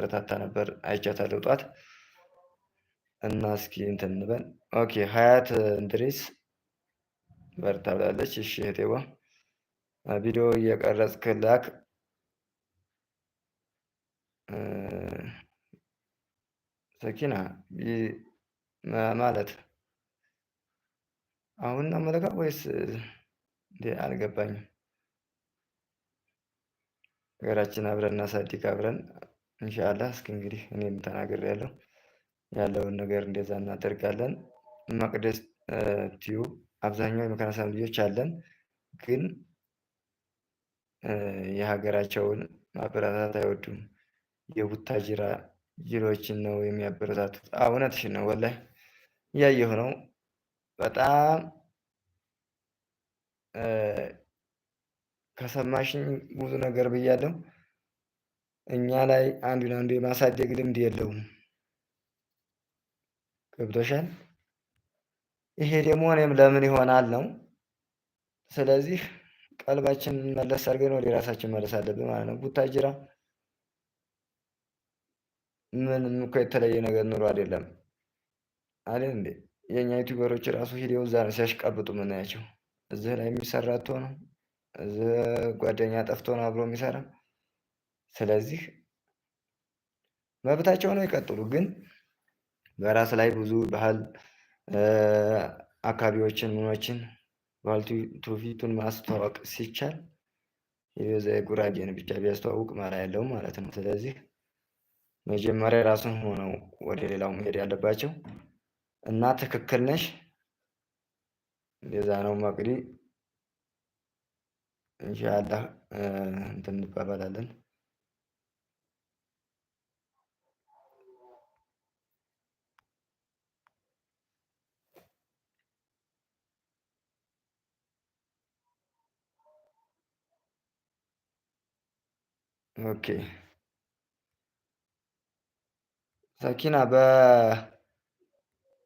ታበረታታ ነበር። አይቻታለሁ ጧት እና እስኪ እንትን እንበል። ኦኬ ሀያት እንድሪስ በርታ ብላለች። እሺ እህቴዋ ቪዲዮ እየቀረጽክ ላክ። ሰኪና ማለት አሁን ነው መለካ ወይስ አልገባኝም። ሀገራችን አብረን እናሳድግ አብረን እንሻላ እስኪ እንግዲህ እኔም ተናገር ያለው ያለውን ነገር እንደዛ እናደርጋለን። መቅደስ ቲዩብ አብዛኛው የመካነ ሰላም ልጆች አለን፣ ግን የሀገራቸውን ማበረታታት አይወዱም። የቡታጅራ ጅሎችን ነው የሚያበረታቱት። እውነትሽን ነው ወላሂ እያየሁ ነው። በጣም ከሰማሽኝ ብዙ ነገር ብያለሁ። እኛ ላይ አንዱን አንዱ የማሳደግ ልምድ የለውም። ገብቶሻል? ይሄ ደግሞ እኔም ለምን ይሆናል ነው። ስለዚህ ቀልባችንን መለስ አድርገን ወደ ራሳችን መለስ አለብን ማለት ነው። ቡታጅራ ምንም እኮ የተለየ ነገር ኑሮ አይደለም አለ እንዴ። የእኛ ዩቲዩበሮች ራሱ ሂደው እዛ ነው ሲያሽቀብጡ ምናያቸው። እዚህ ላይ የሚሰራ ነው እዚህ ጓደኛ ጠፍቶ ነው አብሮ የሚሰራ ስለዚህ መብታቸው ነው ይቀጥሉ። ግን በራስ ላይ ብዙ ባህል አካባቢዎችን ምኖችን ባህል ትውፊቱን ማስተዋወቅ ሲቻል የቤዛ የጉራጌን ብቻ ቢያስተዋውቅ ማራ ያለው ማለት ነው። ስለዚህ መጀመሪያ ራሱን ሆነው ወደ ሌላው መሄድ ያለባቸው እና ትክክል ነሽ ቤዛ ነው መቅዲ። ኢንሻላህ እንትን እንባባላለን። ኦኬ ሰኪና በ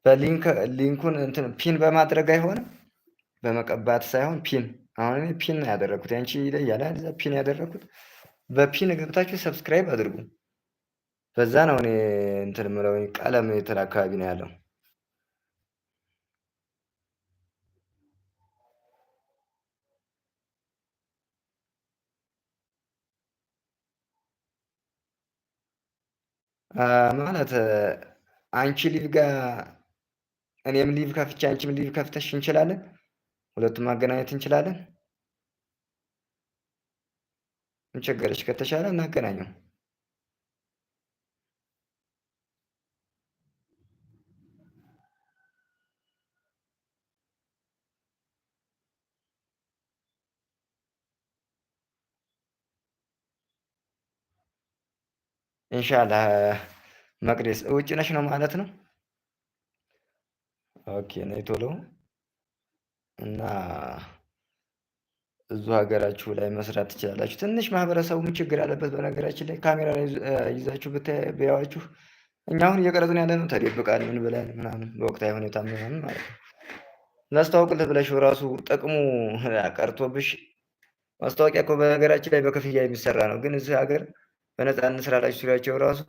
በሊንክ ሊንኩን እንትን ፒን በማድረግ አይሆንም፣ በመቀባት ሳይሆን ፒን። አሁን እኔ ፒን ያደረግኩት አንቺ ይለያል አይደል? ፒን ያደረግኩት በፒን ገብታችሁ ሰብስክራይብ አድርጉ። በዛ ነው እኔ እንትን ምለው ቀለም የትል አካባቢ ነው ያለው ማለት አንቺ ሊቭ ጋር እኔም ሊቭ ከፍቼ አንቺም ሊቭ ከፍተሽ እንችላለን፣ ሁለቱም ማገናኘት እንችላለን። ምን ቸገረሽ? ከተሻለ እናገናኘው። ኢንሻላ መቅደስ ውጭ ነሽ ነው ማለት ነው። ኦኬ ነይ ቶሎ እና እዙ ሀገራችሁ ላይ መስራት ትችላላችሁ። ትንሽ ማህበረሰቡም ችግር አለበት። በነገራችን ላይ ካሜራ ላይ ይዛችሁ ብታያችሁ እኛ አሁን እየቀረጽን ያለ ነው ተደብቃል፣ ምን ብለን ምናምን በወቅታዊ ሁኔታ ምናምን ማለት ነው። ላስተዋውቅልህ ብለሽ ራሱ ጥቅሙ ቀርቶብሽ ማስታወቂያ እኮ በነገራችን ላይ በክፍያ የሚሰራ ነው፣ ግን እዚህ ሀገር በነፃ እንስራላችሁ ሲሏቸው ራሱ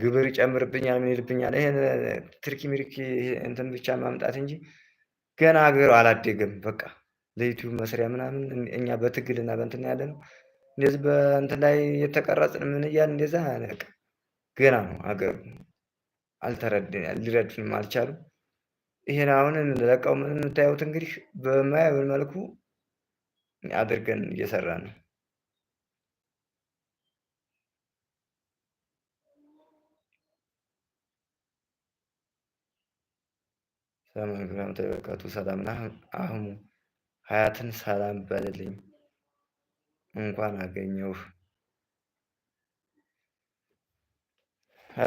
ግብር ይጨምርብኛል ምን ይልብኛል። ይሄ ትርኪ ሚርኪ እንትን ብቻ ማምጣት እንጂ ገና ሀገሩ አላደገም። በቃ ለዩቲዩብ መስሪያ ምናምን እኛ በትግልና በእንትን ያለ ነው እንደዚህ በእንትን ላይ የተቀረጽን ምን እያል እንደዛ ገና ነው ሀገሩ አልተረድን ሊረዱንም አልቻሉም። ይሄን አሁን ለቀው የምታዩት እንግዲህ በማያዩን መልኩ አድርገን እየሰራ ነው። ሰመግናም ተበረከቱ ሰላምና አህሙ ሀያትን ሰላም በልልኝ እንኳን አገኘው።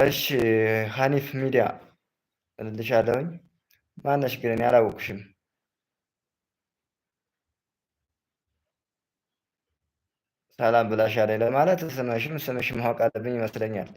እሺ ሀኒፍ ሚዲያ እልልሻለሁኝ። ማነሽ ግን እኔ አላወቅሽም። ሰላም ብላሻለኝ ለማለት ስምሽም ስምሽ ማወቅ አለብኝ ይመስለኛል።